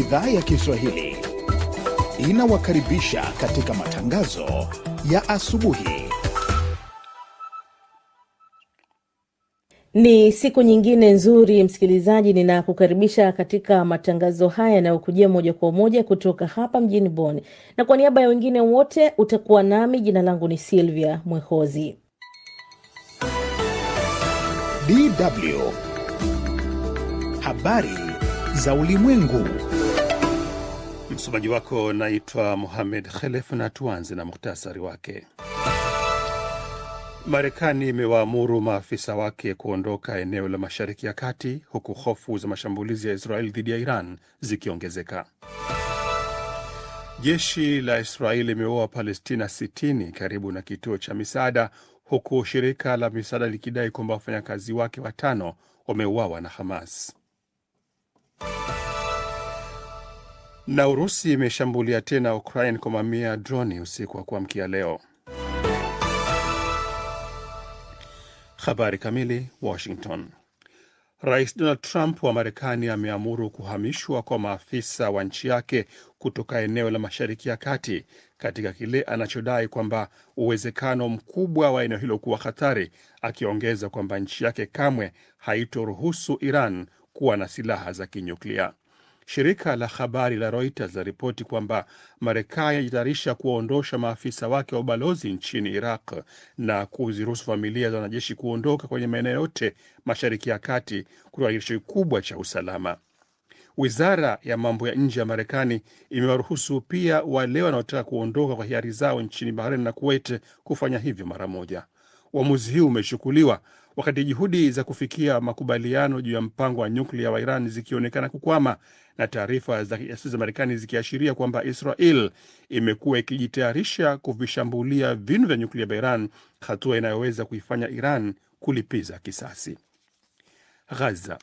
Idhaa ya Kiswahili inawakaribisha katika matangazo ya asubuhi. Ni siku nyingine nzuri, msikilizaji, ninakukaribisha katika matangazo haya yanayokujia moja kwa moja kutoka hapa mjini bon na kwa niaba ya wengine wote utakuwa nami, jina langu ni Silvia Mwehozi. DW Habari za Ulimwengu. Msomaji wako naitwa muhamed Khelef na tuanze na muhtasari wake. Marekani imewaamuru maafisa wake kuondoka eneo la Mashariki ya Kati huku hofu za mashambulizi ya israel dhidi ya Iran zikiongezeka. Jeshi la Israeli limeua Palestina 60 karibu na kituo cha misaada huku shirika la misaada likidai kwamba wafanyakazi wake watano wameuawa na Hamas. Na Urusi imeshambulia tena Ukraine kwa mamia droni usiku wa kuamkia leo. Habari kamili. Washington. Rais Donald Trump wa Marekani ameamuru kuhamishwa kwa maafisa wa nchi yake kutoka eneo la Mashariki ya Kati katika kile anachodai kwamba uwezekano mkubwa wa eneo hilo kuwa hatari, akiongeza kwamba nchi yake kamwe haitoruhusu Iran kuwa na silaha za kinyuklia. Shirika la habari la Reuters laripoti kwamba Marekani inajitayarisha kuwaondosha maafisa wake wa ubalozi nchini Iraq na kuziruhusu familia za wanajeshi kuondoka kwenye maeneo yote Mashariki ya Kati kutoka kitisho kikubwa cha usalama. Wizara ya mambo ya nje ya Marekani imewaruhusu pia wale wanaotaka kuondoka kwa hiari zao nchini Bahrain na Kuwait kufanya hivyo mara moja. Uamuzi huu umechukuliwa wakati juhudi za kufikia makubaliano juu ya mpango wa nyuklia wa Iran zikionekana kukwama na taarifa za kijasusi za Marekani zikiashiria kwamba Israel imekuwa ikijitayarisha kuvishambulia vinu vya nyuklia vya Iran, hatua inayoweza kuifanya Iran kulipiza kisasi. Gaza.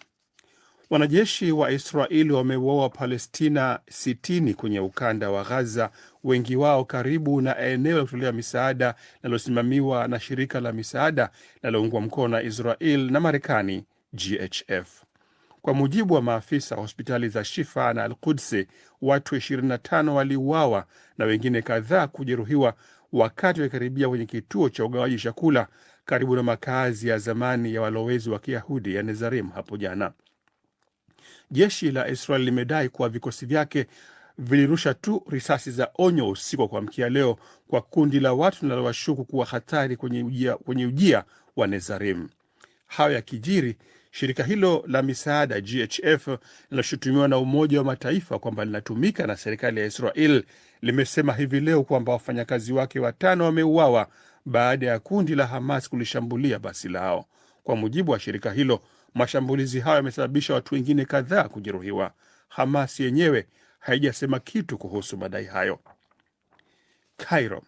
Wanajeshi wa Israeli wamewaua Palestina 60 kwenye ukanda wa Gaza wengi wao karibu na eneo la kutolea misaada linalosimamiwa na shirika la misaada linaloungwa mkono na Israel na Marekani, GHF. Kwa mujibu wa maafisa wa hospitali za Shifa na Al-Qudsi, watu 25 waliuawa na wengine kadhaa kujeruhiwa wakati wakikaribia kwenye kituo cha ugawaji chakula karibu na makazi ya zamani ya walowezi wa Kiyahudi ya Nezarim hapo jana. Jeshi la Israel limedai kuwa vikosi vyake vilirusha tu risasi za onyo usiku wa kuamkia leo kwa kundi la watu linalowashuku kuwa hatari kwenye ujia, kwenye ujia wa Nezarim. Hayo ya kijiri shirika hilo la misaada GHF linaloshutumiwa na Umoja wa Mataifa kwamba linatumika na serikali ya Israel limesema hivi leo kwamba wafanyakazi wake watano wameuawa baada ya kundi la Hamas kulishambulia basi lao. Kwa mujibu wa shirika hilo, mashambulizi hayo yamesababisha watu wengine kadhaa kujeruhiwa. Hamas yenyewe haijasema kitu kuhusu madai hayo. Cairo.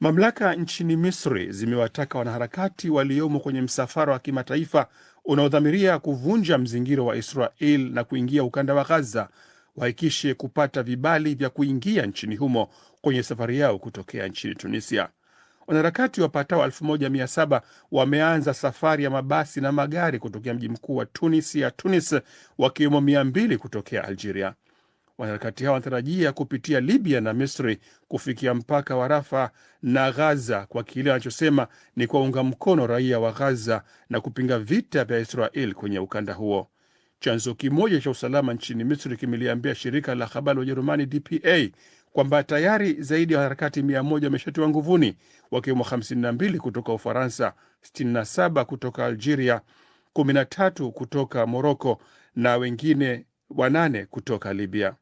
Mamlaka nchini Misri zimewataka wanaharakati waliomo kwenye msafara wa kimataifa unaodhamiria kuvunja mzingiro wa Israel na kuingia ukanda wa Gaza waikishe kupata vibali vya kuingia nchini humo kwenye safari yao kutokea nchini Tunisia. Wanaharakati wapatao 1700 wameanza safari ya mabasi na magari kutokea mji mkuu wa Tunisia, Tunis, wakiwemo 200 kutokea Algeria. Wanaharakati hao wanatarajia kupitia Libya na Misri kufikia mpaka wa Rafa na Ghaza kwa kile wanachosema ni kuwaunga mkono raia wa Ghaza na kupinga vita vya Israel kwenye ukanda huo. Chanzo kimoja cha usalama nchini Misri kimeliambia shirika la habari la Ujerumani DPA kwamba tayari zaidi ya wanaharakati 100 wameshatiwa nguvuni, wakiwemo 52 kutoka Ufaransa, 67 kutoka Algeria, 13 kutoka Moroko na wengine wanane kutoka Libya.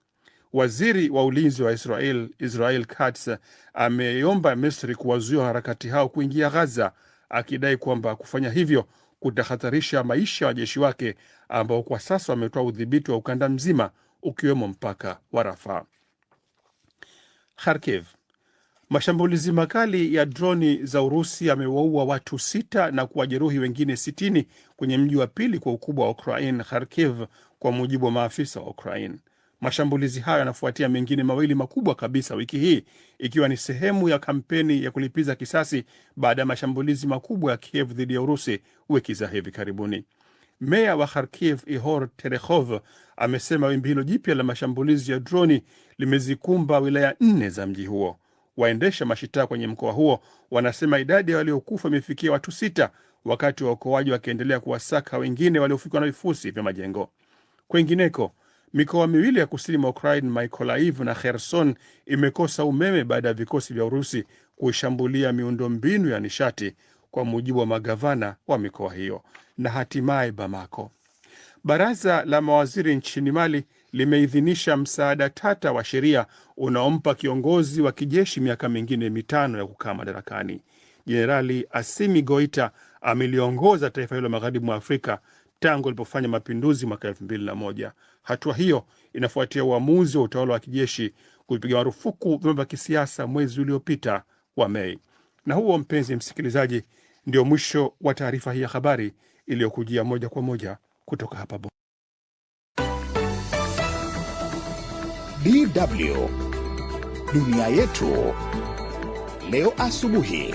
Waziri wa ulinzi wa Israel Israel Katz ameomba Misri kuwazuia harakati hao kuingia Ghaza, akidai kwamba kufanya hivyo kutahatarisha maisha ya wajeshi wake ambao kwa sasa wametoa udhibiti wa ukanda mzima ukiwemo mpaka wa Rafa. Kharkiv, mashambulizi makali ya droni za Urusi yamewaua watu sita na kuwajeruhi wengine sitini kwenye mji wa pili kwa ukubwa wa Ukraine, Kharkiv, kwa mujibu wa maafisa wa Ukraine. Mashambulizi hayo yanafuatia mengine mawili makubwa kabisa wiki hii, ikiwa ni sehemu ya kampeni ya kulipiza kisasi baada ya mashambulizi makubwa ya Kiev dhidi ya Urusi wiki za hivi karibuni. Meya wa Kharkiv Ihor Terekhov amesema wimbi hilo jipya la mashambulizi ya droni limezikumba wilaya nne za mji huo. Waendesha mashitaka kwenye mkoa huo wanasema idadi ya waliokufa imefikia watu sita, wakati waokoaji wakiendelea kuwasaka wengine waliofikwa na vifusi vya majengo. Kwengineko, Mikoa miwili ya kusini mwa Ukraine, Mykolaiv na Kherson, imekosa umeme baada ya vikosi vya Urusi kuishambulia miundombinu ya nishati, kwa mujibu wa magavana wa mikoa hiyo. Na hatimaye Bamako, baraza la mawaziri nchini Mali limeidhinisha msaada tata wa sheria unaompa kiongozi wa kijeshi miaka mingine mitano ya kukaa madarakani. Jenerali Asimi Goita ameliongoza taifa hilo magharibi mwa Afrika tangu alipofanya mapinduzi mwaka elfu mbili na moja. Hatua hiyo inafuatia uamuzi wa utawala wa kijeshi kuvipiga marufuku vyama vya kisiasa mwezi uliopita wa Mei. Na huo, mpenzi msikilizaji, ndio mwisho wa taarifa hii ya habari iliyokujia moja kwa moja kutoka hapa Bo. DW Dunia Yetu Leo Asubuhi.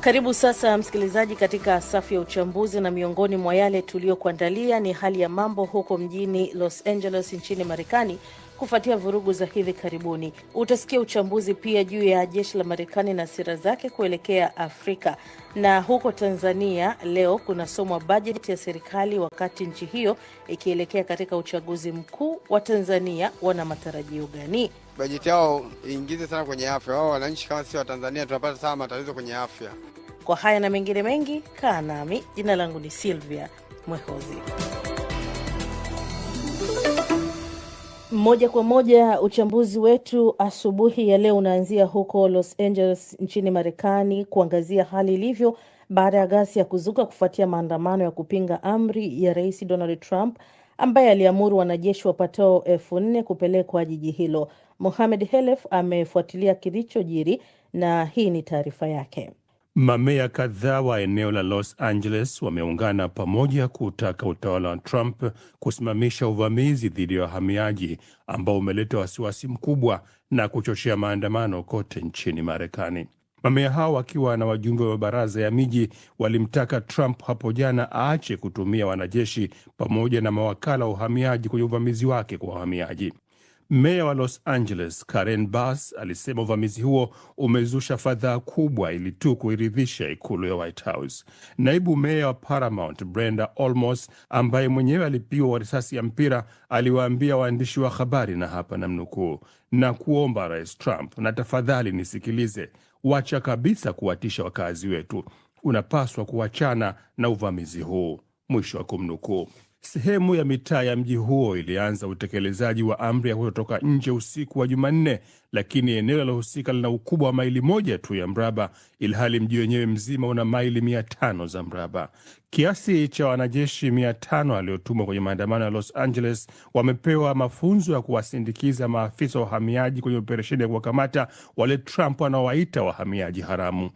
Karibu sasa msikilizaji, katika safu ya uchambuzi, na miongoni mwa yale tuliyokuandalia ni hali ya mambo huko mjini Los Angeles nchini Marekani kufuatia vurugu za hivi karibuni. Utasikia uchambuzi pia juu ya jeshi la Marekani na sera zake kuelekea Afrika. Na huko Tanzania leo kunasomwa bajeti ya serikali, wakati nchi hiyo ikielekea katika uchaguzi mkuu. Wa Tanzania wana matarajio gani? Bajeti yao iingize sana kwenye afya. Wao wananchi kama sisi wa Tanzania tunapata sana matatizo kwenye afya. Kwa haya na mengine mengi, kaa nami. Jina langu ni Silvia Mwehozi. Moja kwa moja uchambuzi wetu asubuhi ya leo unaanzia huko Los Angeles nchini Marekani, kuangazia hali ilivyo baada ya gasi ya kuzuka kufuatia maandamano ya kupinga amri ya Rais Donald Trump ambaye aliamuru wanajeshi wapatao elfu nne kupelekwa jiji hilo. Mohamed Helef amefuatilia kilichojiri na hii ni taarifa yake. Mameya kadhaa wa eneo la Los Angeles wameungana pamoja kutaka utawala wa Trump kusimamisha uvamizi dhidi ya wahamiaji ambao umeleta wasiwasi mkubwa na kuchochea maandamano kote nchini Marekani. Mameya hao wakiwa na wajumbe wa baraza ya miji walimtaka Trump hapo jana aache kutumia wanajeshi pamoja na mawakala wa uhamiaji kwenye uvamizi wake kwa wahamiaji. Meya wa Los Angeles Karen Bass alisema uvamizi huo umezusha fadhaa kubwa ili tu kuiridhisha ikulu ya White House. Naibu meya wa Paramount Brenda Olmos, ambaye mwenyewe alipigwa risasi ya mpira, aliwaambia waandishi wa habari, na hapa namnukuu, na kuomba Rais Trump, na tafadhali nisikilize, wacha kabisa kuwatisha wakazi wetu, unapaswa kuachana na uvamizi huu, mwisho wa kumnukuu. Sehemu ya mitaa ya mji huo ilianza utekelezaji wa amri ya kutotoka nje usiku wa Jumanne, lakini eneo linalohusika lina ukubwa wa maili moja tu ya mraba, ilhali mji wenyewe mzima una maili mia tano za mraba. Kiasi cha wanajeshi mia tano waliotumwa kwenye maandamano ya Los Angeles wamepewa mafunzo ya kuwasindikiza maafisa wa uhamiaji kwenye operesheni ya kuwakamata wale Trump anaowaita wahamiaji haramu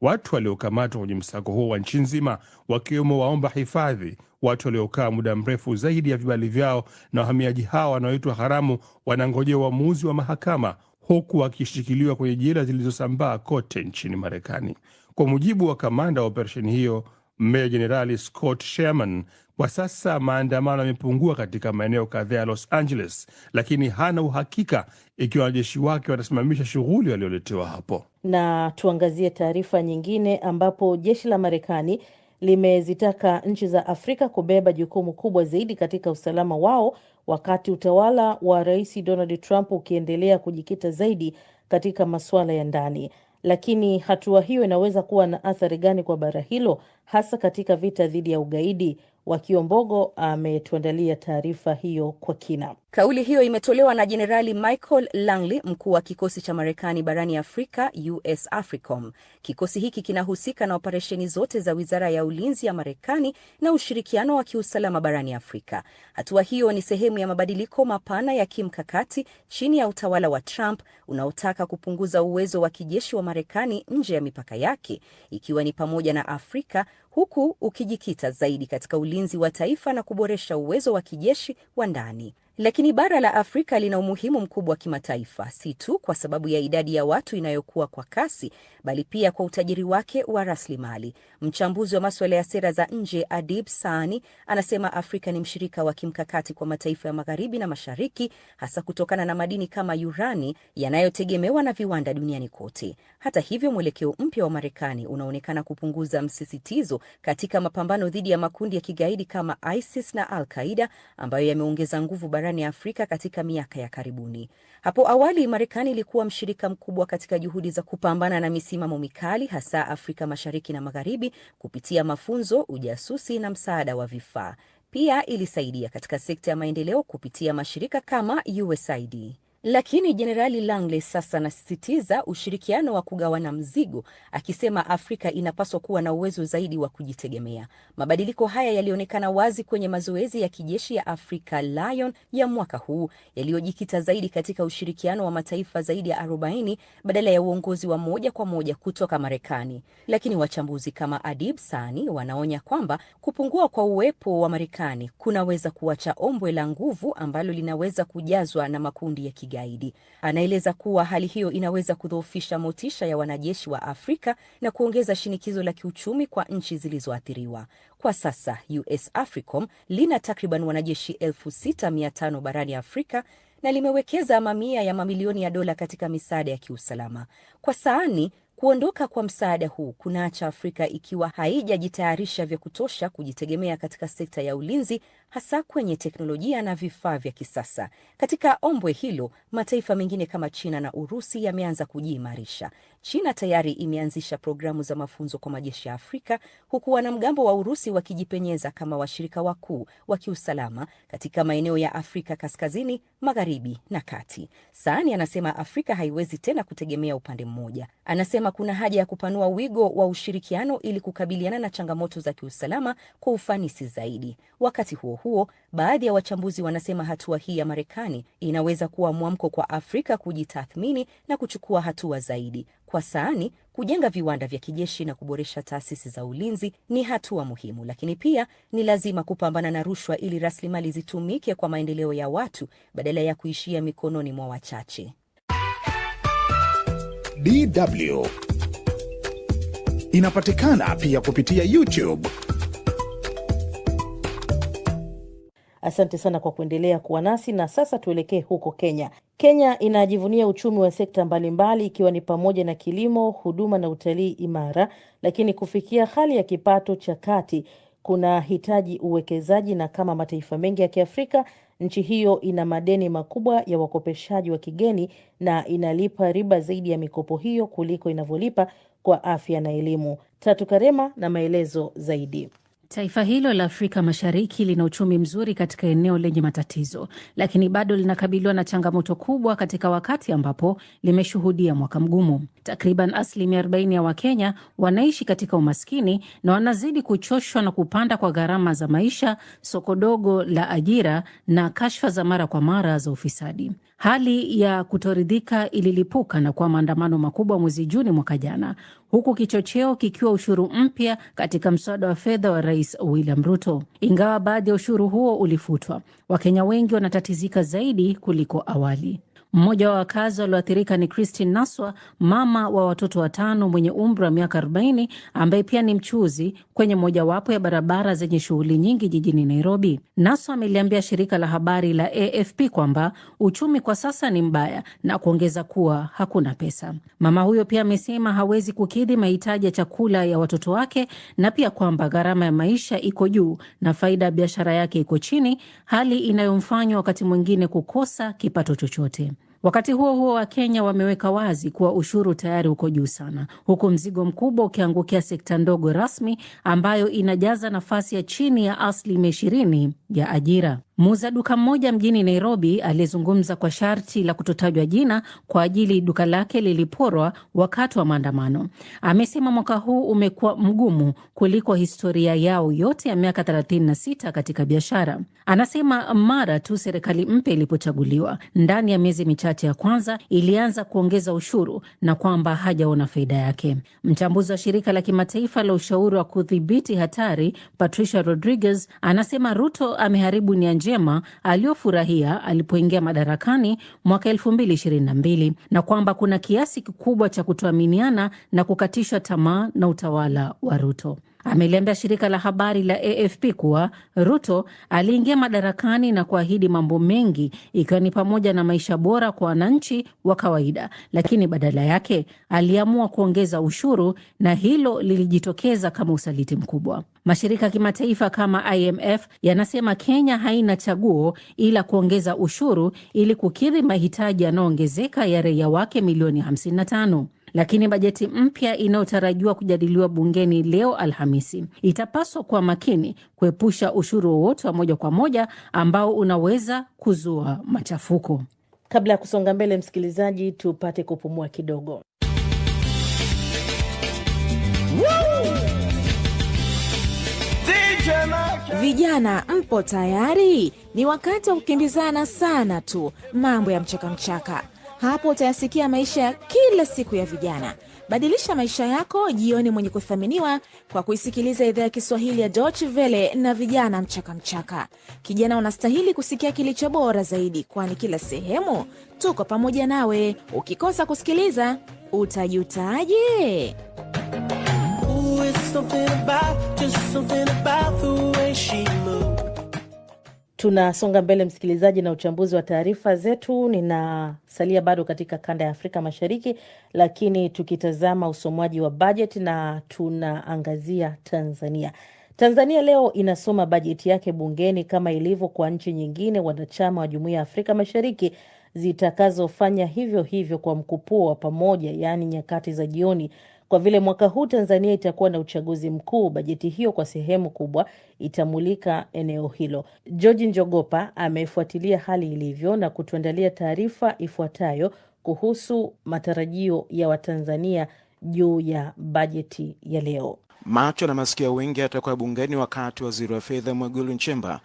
watu waliokamatwa kwenye msako huo wa nchi nzima wakiwemo waomba hifadhi, watu waliokaa muda mrefu zaidi ya vibali vyao, na wahamiaji hawa wanaoitwa haramu wanangojea uamuzi wa mahakama huku wakishikiliwa kwenye jela zilizosambaa kote nchini Marekani. Kwa mujibu wa kamanda wa operesheni hiyo meya jenerali Scott Sherman. Kwa sasa maandamano yamepungua katika maeneo kadhaa ya Los Angeles, lakini hana uhakika ikiwa wanajeshi wake watasimamisha shughuli walioletewa hapo. Na tuangazie taarifa nyingine ambapo jeshi la Marekani limezitaka nchi za Afrika kubeba jukumu kubwa zaidi katika usalama wao, wakati utawala wa Rais Donald Trump ukiendelea kujikita zaidi katika masuala ya ndani. Lakini hatua hiyo inaweza kuwa na athari gani kwa bara hilo hasa katika vita dhidi ya ugaidi? Wakiombogo ametuandalia taarifa hiyo kwa kina. Kauli hiyo imetolewa na Jenerali Michael Langley, mkuu wa kikosi cha Marekani barani Afrika, US AFRICOM. Kikosi hiki kinahusika na operesheni zote za Wizara ya Ulinzi ya Marekani na ushirikiano wa kiusalama barani Afrika. Hatua hiyo ni sehemu ya mabadiliko mapana ya kimkakati chini ya utawala wa Trump unaotaka kupunguza uwezo wa kijeshi wa Marekani nje ya mipaka yake, ikiwa ni pamoja na Afrika, huku ukijikita zaidi katika ulinzi wa taifa na kuboresha uwezo wa kijeshi wa ndani. Lakini bara la Afrika lina umuhimu mkubwa wa kimataifa, si tu kwa sababu ya idadi ya watu inayokuwa kwa kasi, bali pia kwa utajiri wake wa rasilimali. Mchambuzi wa masuala ya sera za nje Adib Saani anasema Afrika ni mshirika wa kimkakati kwa mataifa ya magharibi na mashariki, hasa kutokana na madini kama urani yanayotegemewa na viwanda duniani kote. Hata hivyo, mwelekeo mpya wa Marekani unaonekana kupunguza msisitizo katika mapambano dhidi ya makundi ya kigaidi kama ISIS na Al-Qaida ambayo yameongeza nguvu barani Afrika katika miaka ya karibuni. Hapo awali, Marekani ilikuwa mshirika mkubwa katika juhudi za kupambana na misi misimamo mikali hasa Afrika Mashariki na Magharibi kupitia mafunzo, ujasusi na msaada wa vifaa. Pia ilisaidia katika sekta ya maendeleo kupitia mashirika kama USAID. Lakini Jenerali Langley sasa anasisitiza ushirikiano wa kugawana mzigo, akisema Afrika inapaswa kuwa na uwezo zaidi wa kujitegemea. Mabadiliko haya yalionekana wazi kwenye mazoezi ya kijeshi ya afrika Lion ya mwaka huu yaliyojikita zaidi katika ushirikiano wa mataifa zaidi ya 40 badala ya uongozi wa moja kwa moja kutoka Marekani. Lakini wachambuzi kama Adib Sani wanaonya kwamba kupungua kwa uwepo wa Marekani kunaweza kuacha ombwe la nguvu ambalo linaweza kujazwa na makundi ya kigaidi kigaidi. Anaeleza kuwa hali hiyo inaweza kudhoofisha motisha ya wanajeshi wa Afrika na kuongeza shinikizo la kiuchumi kwa nchi zilizoathiriwa. Kwa sasa US AFRICOM lina takriban wanajeshi 6500 barani Afrika na limewekeza mamia ya mamilioni ya dola katika misaada ya kiusalama. Kwa saani kuondoka kwa msaada huu kunaacha Afrika ikiwa haijajitayarisha vya kutosha kujitegemea katika sekta ya ulinzi hasa kwenye teknolojia na vifaa vya kisasa. Katika ombwe hilo, mataifa mengine kama China na Urusi yameanza kujiimarisha. China tayari imeanzisha programu za mafunzo kwa majeshi ya Afrika, huku wanamgambo wa Urusi wakijipenyeza kama washirika wakuu wa kiusalama katika maeneo ya Afrika kaskazini, magharibi na kati. Saani anasema Afrika haiwezi tena kutegemea upande mmoja. Anasema kuna haja ya kupanua wigo wa ushirikiano ili kukabiliana na changamoto za kiusalama kwa ufanisi zaidi. Wakati huo huo, baadhi ya wachambuzi wanasema hatua hii ya Marekani inaweza kuwa mwamko kwa Afrika kujitathmini na kuchukua hatua zaidi. Kwa saani, kujenga viwanda vya kijeshi na kuboresha taasisi za ulinzi ni hatua muhimu, lakini pia ni lazima kupambana na rushwa ili rasilimali zitumike kwa maendeleo ya watu badala ya kuishia mikononi mwa wachache. DW inapatikana pia kupitia YouTube. Asante sana kwa kuendelea kuwa nasi, na sasa tuelekee huko Kenya. Kenya inajivunia uchumi wa sekta mbalimbali ikiwa ni pamoja na kilimo, huduma na utalii imara, lakini kufikia hali ya kipato cha kati kuna hitaji uwekezaji, na kama mataifa mengi ya Kiafrika, nchi hiyo ina madeni makubwa ya wakopeshaji wa kigeni na inalipa riba zaidi ya mikopo hiyo kuliko inavyolipa kwa afya na elimu. Tatu Karema na maelezo zaidi. Taifa hilo la Afrika Mashariki lina uchumi mzuri katika eneo lenye matatizo, lakini bado linakabiliwa na changamoto kubwa katika wakati ambapo limeshuhudia mwaka mgumu. Takriban asilimia 40 ya Wakenya wanaishi katika umaskini na wanazidi kuchoshwa na kupanda kwa gharama za maisha, soko dogo la ajira na kashfa za mara kwa mara za ufisadi. Hali ya kutoridhika ililipuka na kuwa maandamano makubwa mwezi Juni mwaka jana, huku kichocheo kikiwa ushuru mpya katika mswada wa fedha wa Rais William Ruto. Ingawa baadhi ya ushuru huo ulifutwa, Wakenya wengi wanatatizika zaidi kuliko awali. Mmoja wa wakazi walioathirika ni Christine Naswa, mama wa watoto watano mwenye umri wa miaka 40 ambaye pia ni mchuzi kwenye mojawapo ya barabara zenye shughuli nyingi jijini Nairobi. Naswa ameliambia shirika la habari la AFP kwamba uchumi kwa sasa ni mbaya na kuongeza kuwa hakuna pesa. Mama huyo pia amesema hawezi kukidhi mahitaji ya chakula ya watoto wake na pia kwamba gharama ya maisha iko juu na faida ya biashara yake iko chini, hali inayomfanywa wakati mwingine kukosa kipato chochote. Wakati huo huo, Wakenya wameweka wazi kuwa ushuru tayari uko juu sana, huku mzigo mkubwa ukiangukia sekta ndogo rasmi ambayo inajaza nafasi ya chini ya asilimia ishirini ya ajira. Muuza duka mmoja mjini Nairobi aliyezungumza kwa sharti la kutotajwa jina kwa ajili duka lake liliporwa wakati wa maandamano, amesema mwaka huu umekuwa mgumu kuliko historia yao yote ya miaka 36 katika biashara. Anasema mara tu serikali mpya ilipochaguliwa, ndani ya miezi michache ya kwanza ilianza kuongeza ushuru na kwamba hajaona faida yake. Mchambuzi wa shirika la kimataifa la ushauri wa kudhibiti hatari, Patricia Rodriguez, anasema Ruto ameharibu nia njema aliyofurahia alipoingia madarakani mwaka 2022 na kwamba kuna kiasi kikubwa cha kutoaminiana na kukatishwa tamaa na utawala wa Ruto ameliambia shirika la habari la AFP kuwa Ruto aliingia madarakani na kuahidi mambo mengi ikiwa ni pamoja na maisha bora kwa wananchi wa kawaida, lakini badala yake aliamua kuongeza ushuru na hilo lilijitokeza kama usaliti mkubwa. Mashirika ya kimataifa kama IMF yanasema Kenya haina chaguo ila kuongeza ushuru ili kukidhi mahitaji yanayoongezeka ya raia wake milioni 55 lakini bajeti mpya inayotarajiwa kujadiliwa bungeni leo Alhamisi itapaswa kuwa makini kuepusha ushuru wowote wa moja kwa moja ambao unaweza kuzua machafuko. Kabla ya kusonga mbele, msikilizaji, tupate kupumua kidogo. Vijana mpo tayari? Ni wakati wa kukimbizana sana tu mambo ya mchakamchaka mchaka. Hapo utayasikia maisha ya kila siku ya vijana. Badilisha maisha yako, jioni mwenye kuthaminiwa kwa kuisikiliza idhaa ya Kiswahili ya Deutsche vele na vijana mchaka mchaka. Kijana, unastahili kusikia kilicho bora zaidi, kwani kila sehemu tuko pamoja nawe. Ukikosa kusikiliza utajutaje? Tunasonga mbele msikilizaji, na uchambuzi wa taarifa zetu. Ninasalia bado katika kanda ya Afrika Mashariki, lakini tukitazama usomwaji wa bajet na tunaangazia Tanzania. Tanzania leo inasoma bajeti yake bungeni kama ilivyo kwa nchi nyingine wanachama wa jumuia ya Afrika Mashariki zitakazofanya hivyo hivyo kwa mkupuo wa pamoja, yaani nyakati za jioni kwa vile mwaka huu Tanzania itakuwa na uchaguzi mkuu, bajeti hiyo kwa sehemu kubwa itamulika eneo hilo. George Njogopa amefuatilia hali ilivyo na kutuandalia taarifa ifuatayo kuhusu matarajio ya Watanzania juu ya bajeti ya leo. Macho na masikio wengi yatakuwa bungeni wakati waziri wa fedha Mwigulu Nchemba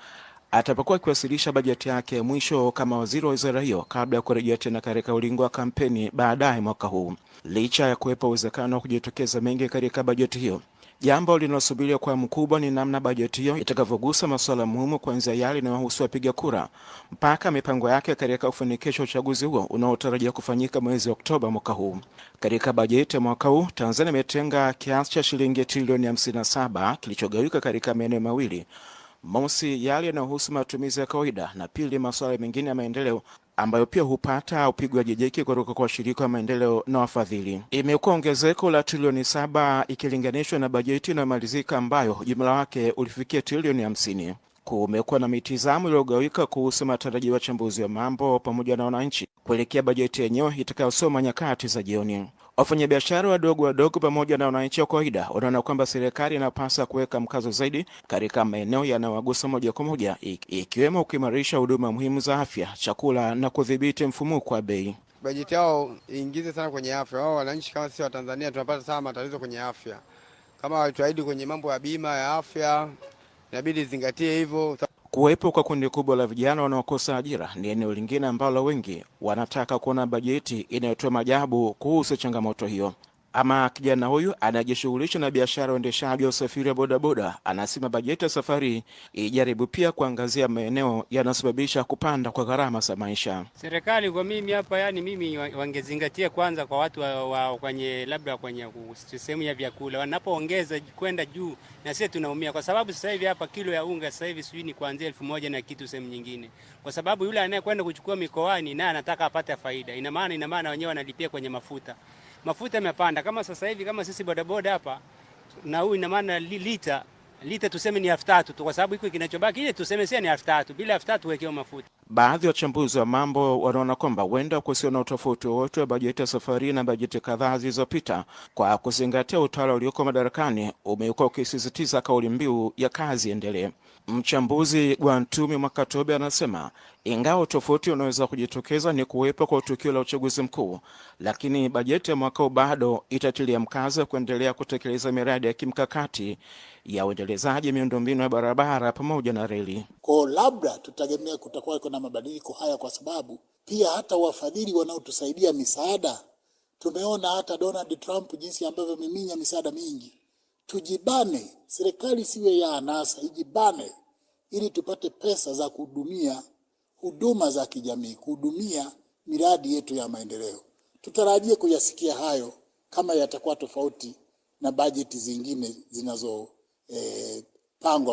atapokuwa akiwasilisha bajeti yake ya mwisho kama waziri wa wizara hiyo kabla ya kurejea tena katika ulingo wa kampeni baadaye mwaka huu. Licha ya kuwepo uwezekano wa kujitokeza mengi katika bajeti hiyo, jambo linalosubiriwa kwa mkubwa ni namna bajeti hiyo itakavyogusa masuala muhimu, kuanzia yale yanayohusu wapiga kura mpaka mipango yake katika kufanikisha uchaguzi huo unaotarajiwa kufanyika mwezi Oktoba mwaka huu. Katika bajeti ya mwaka huu, Tanzania imetenga kiasi cha shilingi trilioni 57 kilichogawika katika maeneo mawili Mosi, yale yanayohusu matumizi ya kawaida na pili, masuala mengine ya maendeleo ambayo pia hupata upigwa jejeki kutoka kwa washirika wa maendeleo na wafadhili. Imekuwa ongezeko la trilioni saba ikilinganishwa na bajeti inayomalizika ambayo jumla wake ulifikia trilioni hamsini. Kumekuwa na mitizamo iliyogawika kuhusu matarajio ya wachambuzi wa mambo pamoja na wananchi kuelekea bajeti yenyewe itakayosoma nyakati za jioni. Wafanyabiashara wadogo wadogo pamoja na wananchi wa kawaida wanaona kwamba serikali inapasa kuweka mkazo zaidi katika maeneo yanayowagusa moja kwa moja, ikiwemo kuimarisha huduma muhimu za afya, chakula na kudhibiti mfumuko wa bei. Bajeti yao iingize sana kwenye afya. Wao wananchi kama sisi watanzania tunapata sana matatizo kwenye afya, kama walituahidi kwenye mambo ya bima ya afya, inabidi zingatie hivyo. Kuwepo kwa kundi kubwa la vijana wanaokosa ajira ni eneo lingine ambalo wengi wanataka kuona bajeti inayotoa majabu kuhusu changamoto hiyo. Ama kijana huyu anajishughulisha na biashara ya uendeshaji wa usafiri wa bodaboda, anasema bajeti ya safari ijaribu pia kuangazia maeneo yanayosababisha kupanda kwa gharama za maisha. Serikali kwa mimi hapa, yani mimi wangezingatia kwanza kwa watu wa, wa, kwenye labda kwenye sehemu ya vyakula wanapoongeza kwenda juu, na sisi tunaumia kwa sababu sasa hivi hapa kilo ya unga sasa hivi sijui ni kuanzia elfu moja na kitu sehemu nyingine, kwa sababu yule anayekwenda kuchukua mikoani naye anataka apate faida. Ina maana ina maana wenyewe wanalipia kwenye mafuta mafuta yamepanda. Kama sasa hivi kama sisi bodaboda hapa na huyu, ina maana lita lita tuseme ni elfu tatu tu, kwa sababu iko kinachobaki ile tuseme sia ni elfu tatu bila elfu tatu wekewa mafuta. Baadhi ya wachambuzi wa mambo wanaona kwamba huenda kusio na utofauti wowote wa bajeti ya safari na bajeti kadhaa zilizopita, kwa kuzingatia utawala ulioko madarakani umekuwa ukisisitiza kauli mbiu ya kazi endelee. Mchambuzi wa Ntumi Mwakatobe anasema ingawa tofauti unaweza kujitokeza ni kuwepo kwa tukio la uchaguzi mkuu, lakini bajeti ya mwaka huu bado itatilia mkazo ya kuendelea kutekeleza miradi ya kimkakati ya uendelezaji miundombinu ya barabara pamoja na reli. ko labda tutegemea kutakuwa kuna mabadiliko haya, kwa sababu pia hata wafadhili wanaotusaidia misaada, tumeona hata Donald Trump jinsi ambavyo ameminya misaada mingi Tujibane, serikali isiwe ya anasa, ijibane ili tupate pesa za kuhudumia huduma za kijamii, kuhudumia miradi yetu ya maendeleo. Tutarajie kuyasikia hayo kama yatakuwa tofauti na bajeti zingine zinazopangwa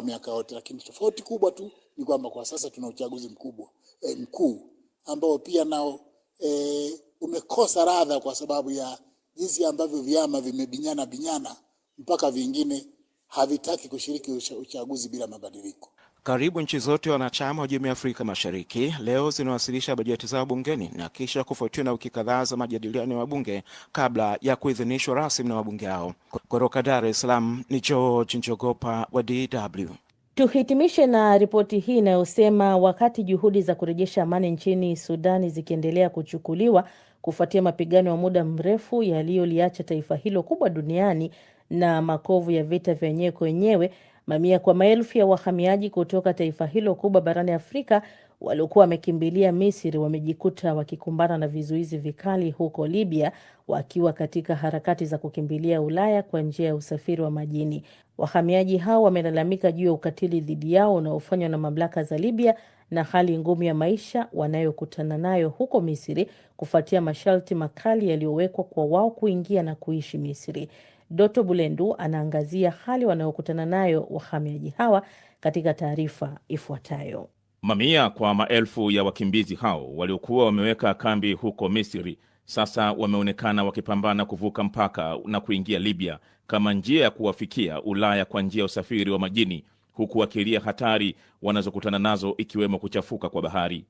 eh, miaka yote, lakini tofauti kubwa tu ni kwamba kwa sasa tuna uchaguzi mkubwa eh, mkuu ambao pia nao eh, umekosa radha kwa sababu ya jinsi ambavyo vyama vimebinyana binyana mpaka vingine havitaki kushiriki uchaguzi bila mabadiliko. Karibu nchi zote wanachama wa Jumuiya ya Afrika Mashariki leo zinawasilisha bajeti zao bungeni na kisha kufuatiwa na wiki kadhaa za majadiliano ya wabunge kabla ya kuidhinishwa rasmi na wabunge hao. Kutoka Dar es Salaam ni George Njogopa wa DW. Tuhitimishe na ripoti hii inayosema wakati juhudi za kurejesha amani nchini Sudani zikiendelea kuchukuliwa kufuatia mapigano ya muda mrefu yaliyoliacha taifa hilo kubwa duniani na makovu ya vita vya wenyewe kwa wenyewe, mamia kwa maelfu ya wahamiaji kutoka taifa hilo kubwa barani Afrika waliokuwa wamekimbilia Misri wamejikuta wakikumbana na vizuizi vikali huko Libya wakiwa katika harakati za kukimbilia Ulaya kwa njia ya usafiri wa majini. Wahamiaji hao wamelalamika juu ya ukatili dhidi yao unaofanywa na mamlaka za Libya na hali ngumu ya maisha wanayokutana nayo huko Misri kufuatia masharti makali yaliyowekwa kwa wao kuingia na kuishi Misri. Doto Bulendu anaangazia hali wanayokutana nayo wahamiaji hawa katika taarifa ifuatayo. Mamia kwa maelfu ya wakimbizi hao waliokuwa wameweka kambi huko Misri sasa wameonekana wakipambana kuvuka mpaka na kuingia Libya kama njia ya kuwafikia Ulaya kwa njia ya usafiri wa majini, huku wakilia hatari wanazokutana nazo ikiwemo kuchafuka kwa bahari.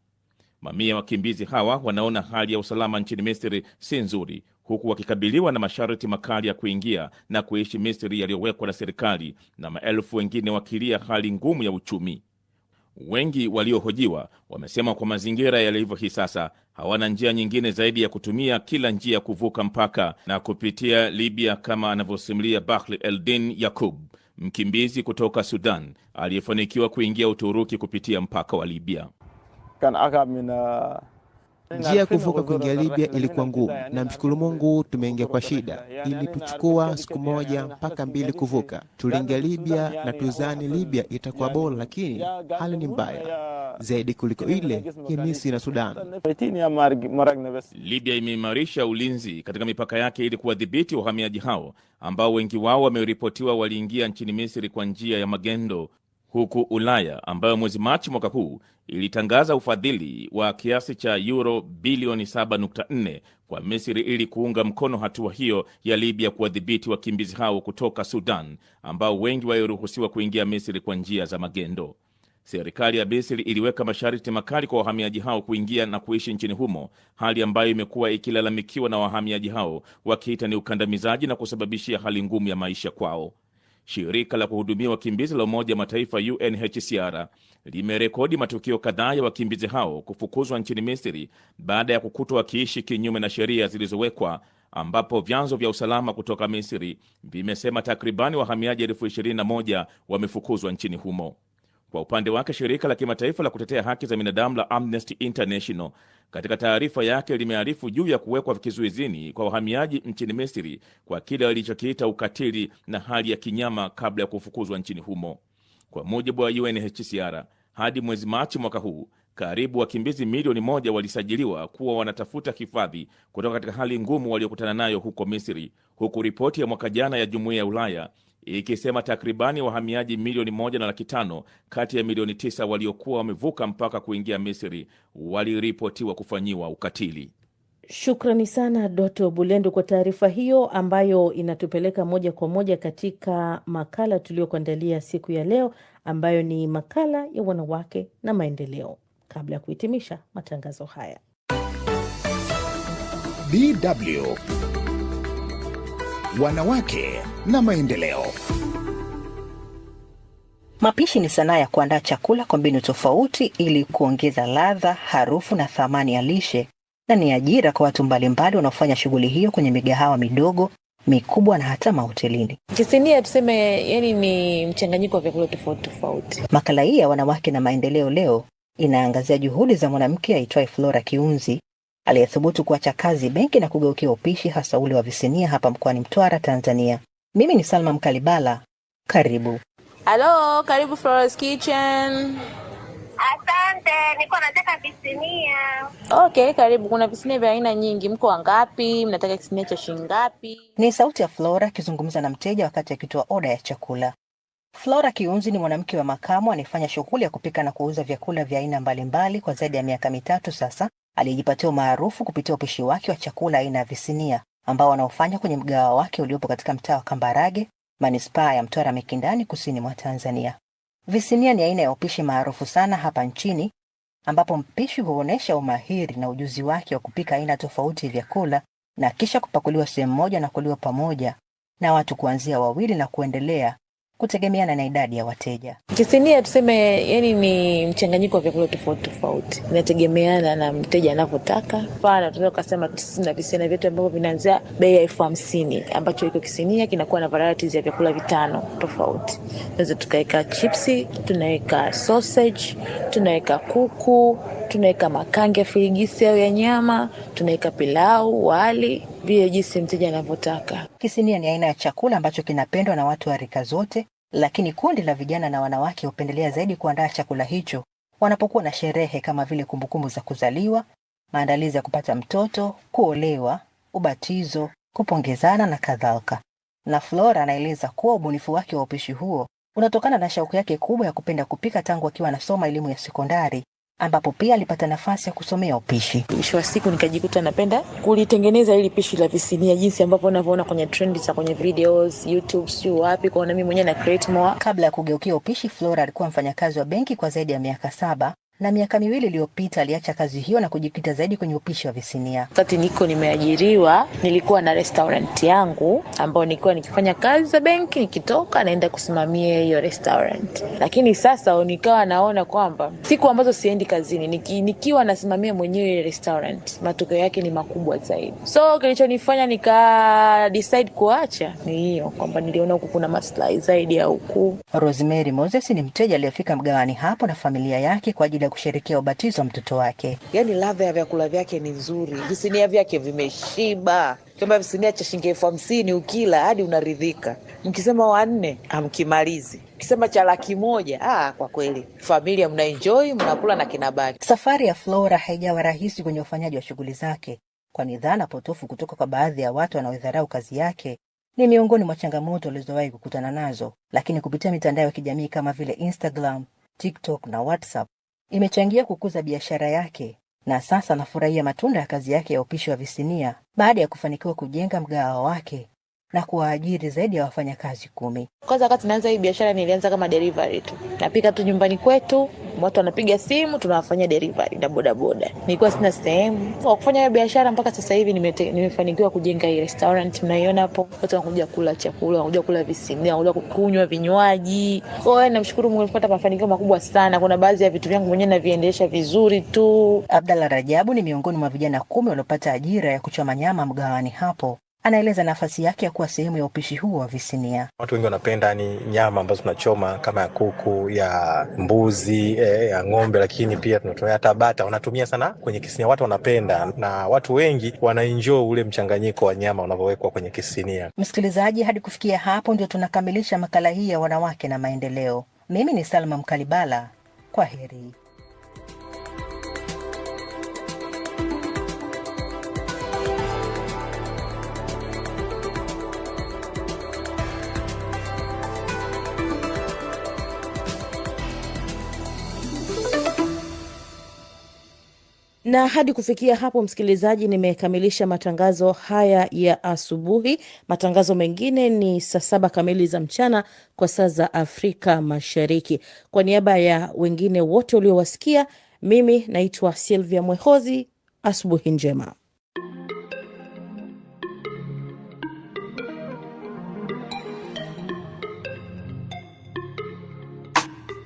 Mamia ya wakimbizi hawa wanaona hali ya usalama nchini Misri si nzuri, huku wakikabiliwa na masharti makali ya kuingia na kuishi Misri yaliyowekwa na serikali, na maelfu wengine wakilia hali ngumu ya uchumi. Wengi waliohojiwa wamesema kwa mazingira yalivyo hii sasa hawana njia nyingine zaidi ya kutumia kila njia ya kuvuka mpaka na kupitia Libya, kama anavyosimulia bahl Eldin Yakub, mkimbizi kutoka Sudan aliyefanikiwa kuingia Uturuki kupitia mpaka wa Libya. Njia ya kuvuka kuingia Libya ilikuwa ngumu, na mshukuru Mungu tumeingia kwa shida. Ilituchukua siku moja mpaka mbili kuvuka. Tuliingia Libya na tuzani Libya itakuwa bora, lakini hali ni mbaya zaidi kuliko ile ya Misri na Sudan. Libya imeimarisha ulinzi katika mipaka yake ili kuwadhibiti wahamiaji hao ambao wengi wao wameripotiwa waliingia nchini Misri kwa njia ya magendo huku Ulaya ambayo mwezi Machi mwaka huu ilitangaza ufadhili wa kiasi cha euro bilioni 7.4 kwa Misri ili kuunga mkono hatua hiyo ya Libya kuwadhibiti wakimbizi hao kutoka Sudan ambao wengi walioruhusiwa kuingia Misri kwa njia za magendo. Serikali ya Misri iliweka masharti makali kwa wahamiaji hao kuingia na kuishi nchini humo, hali ambayo imekuwa ikilalamikiwa na wahamiaji hao wakiita ni ukandamizaji na kusababishia hali ngumu ya maisha kwao. Shirika la kuhudumia wakimbizi la Umoja Mataifa UNHCR limerekodi matukio kadhaa ya wakimbizi hao kufukuzwa nchini Misri baada ya kukutwa wakiishi kinyume na sheria zilizowekwa, ambapo vyanzo vya usalama kutoka Misri vimesema takribani wahamiaji 21 wamefukuzwa nchini humo. Kwa upande wake shirika la kimataifa la kutetea haki za binadamu la Amnesty International katika taarifa yake limearifu juu ya kuwekwa kizuizini kwa wahamiaji nchini Misri kwa kile walichokiita ukatili na hali ya kinyama kabla ya kufukuzwa nchini humo. Kwa mujibu wa UNHCR, hadi mwezi Machi mwaka huu karibu wakimbizi milioni moja walisajiliwa kuwa wanatafuta hifadhi kutoka katika hali ngumu waliokutana nayo huko Misri, huku ripoti ya mwaka jana ya Jumuiya ya Ulaya ikisema takribani wahamiaji milioni moja na laki tano kati ya milioni tisa waliokuwa wamevuka mpaka kuingia Misri waliripotiwa kufanyiwa ukatili. Shukrani sana Doto Bulendu kwa taarifa hiyo ambayo inatupeleka moja kwa moja katika makala tuliyokuandalia siku ya leo, ambayo ni makala ya wanawake na maendeleo. Kabla ya kuhitimisha matangazo haya, BW wanawake na maendeleo. Mapishi ni sanaa ya kuandaa chakula kwa mbinu tofauti ili kuongeza ladha, harufu na thamani ya lishe, na ni ajira kwa watu mbalimbali wanaofanya shughuli hiyo kwenye migahawa midogo mikubwa na hata mahotelini. Tasnia tuseme, yani ni mchanganyiko wa vyakula tofauti tofauti. Makala hii ya wanawake na maendeleo leo inaangazia juhudi za mwanamke aitwaye Flora Kiunzi aliyethubutu kuacha kazi benki na kugeukia upishi hasa ule wa visinia hapa mkoani Mtwara, Tanzania. Mimi ni Salma Mkalibala, karibu. Halo, karibu Florence Kitchen. Asante, niko nataka visinia. Okay, karibu. Kuna visinia vya aina nyingi, mko wangapi? Mnataka kisinia cha shilingi ngapi? Ni sauti ya Flora akizungumza na mteja wakati akitoa oda ya chakula. Flora Kiunzi ni mwanamke wa makamo anayefanya shughuli ya kupika na kuuza vyakula vya aina mbalimbali kwa zaidi ya miaka mitatu sasa, aliyejipatia umaarufu kupitia upishi wake wa chakula aina ya visinia ambao wanaofanya kwenye mgawa wake uliopo katika mtaa wa Kambarage, manispaa ya Mtwara Mikindani, kusini mwa Tanzania. Visinia ni aina ya upishi maarufu sana hapa nchini, ambapo mpishi huonyesha umahiri na ujuzi wake wa kupika aina tofauti ya vyakula na kisha kupakuliwa sehemu moja na kuliwa pamoja na watu kuanzia wawili na kuendelea kutegemeana na idadi ya wateja. Kisinia tuseme, yani ni mchanganyiko wa vyakula tofauti tofauti, inategemeana na mteja anavyotaka. Mfano, tunaweza ukasema sisi na visinia vyetu ambavyo vinaanzia bei ya elfu hamsini ambacho iko kisinia kinakuwa na varieties ya vyakula vitano tofauti. Tunaweza tukaweka chipsi, tunaweka sausage, tunaweka kuku tunaweka makange ya filigisi au ya nyama, tunaweka pilau, wali, vile jinsi mteja anavyotaka. Kisinia ni aina ya chakula ambacho kinapendwa na watu wa rika zote, lakini kundi la vijana na wanawake hupendelea zaidi kuandaa chakula hicho wanapokuwa na sherehe kama vile kumbukumbu za kuzaliwa, maandalizi ya kupata mtoto, kuolewa, ubatizo, kupongezana na kadhalika. Na Flora anaeleza kuwa ubunifu wake wa upishi huo unatokana na shauku yake kubwa ya kupenda kupika tangu akiwa anasoma elimu ya sekondari ambapo pia alipata nafasi ya kusomea upishi. Mwisho wa siku nikajikuta napenda kulitengeneza ili pishi la visinia jinsi ambavyo unavyoona kwenye trend za kwenye videos YouTube, sio wapi, kwaona mimi mwenyewe na create more. Kabla ya kugeukia upishi, Flora alikuwa mfanyakazi wa benki kwa zaidi ya miaka saba na miaka miwili iliyopita aliacha kazi hiyo na kujikita zaidi kwenye upishi wa visinia. Wakati niko nimeajiriwa, nilikuwa na restaurant yangu ambayo nilikuwa nikifanya kazi za benki, nikitoka naenda kusimamia hiyo restaurant. Lakini sasa nikawa naona kwamba siku ambazo siendi kazini, niki, nikiwa nasimamia mwenyewe ile restaurant, matokeo yake ni makubwa zaidi. So kilichonifanya nika decide kuacha ni hiyo kwamba niliona huku kuna maslahi zaidi ya huku. Rosemary Moses ni mteja aliyefika mgawani hapo na familia yake kwa ajili kusherekea ubatizo wa mtoto wake. Yani ladha ya vyakula vyake ni nzuri, visinia vyake vimeshiba kama visinia cha shilingi elfu hamsini ukila hadi unaridhika. Mkisema wanne hamkimalizi, mkisema cha laki moja ah, kwa kweli familia mnaenjoi, mnakula na kinabaki. Safari ya Flora haijawa rahisi kwenye ufanyaji wa shughuli zake, kwani dhana potofu kutoka kwa baadhi ya watu wanaodharau kazi yake ni miongoni mwa changamoto alizowahi kukutana nazo, lakini kupitia mitandao ya kijamii kama vile Instagram, TikTok na WhatsApp imechangia kukuza biashara yake na sasa anafurahia matunda ya kazi yake ya upishi wa visinia baada ya kufanikiwa kujenga mgahawa wake na kuwaajiri zaidi ya wafanyakazi kumi. Kwanza wakati naanza hii biashara nilianza kama delivery tu, napika tu nyumbani kwetu, watu wanapiga simu, tunawafanyia delivery na bodaboda. Nilikuwa sina sehemu kwa kufanya hiyo biashara, mpaka sasa hivi nimefanikiwa kujenga hii restaurant mnaiona hapo, watu wanakuja kula chakula, wanakuja kula visimia, wanakuja kunywa vinywaji. Kwa hiyo namshukuru Mungu, nimepata mafanikio makubwa sana. Kuna baadhi ya vitu vyangu mwenyewe naviendesha vizuri tu. Abdalla Rajabu ni miongoni mwa vijana kumi waliopata ajira ya kuchoma nyama mgawani hapo anaeleza nafasi yake ya kuwa sehemu ya upishi huo wa visinia. Watu wengi wanapenda ni nyama ambazo tunachoma kama ya kuku, ya mbuzi, eh, ya ng'ombe, lakini pia tunatumia hata bata, wanatumia sana kwenye kisinia. Watu wanapenda na watu wengi wanainjoo ule mchanganyiko wa nyama unavyowekwa kwenye kisinia. Msikilizaji, hadi kufikia hapo ndio tunakamilisha makala hii ya wanawake na maendeleo. Mimi ni Salma Mkalibala, kwa heri. na hadi kufikia hapo, msikilizaji, nimekamilisha matangazo haya ya asubuhi. Matangazo mengine ni saa saba kamili za mchana kwa saa za Afrika Mashariki. Kwa niaba ya wengine wote uliowasikia, mimi naitwa Silvia Mwehozi. Asubuhi njema.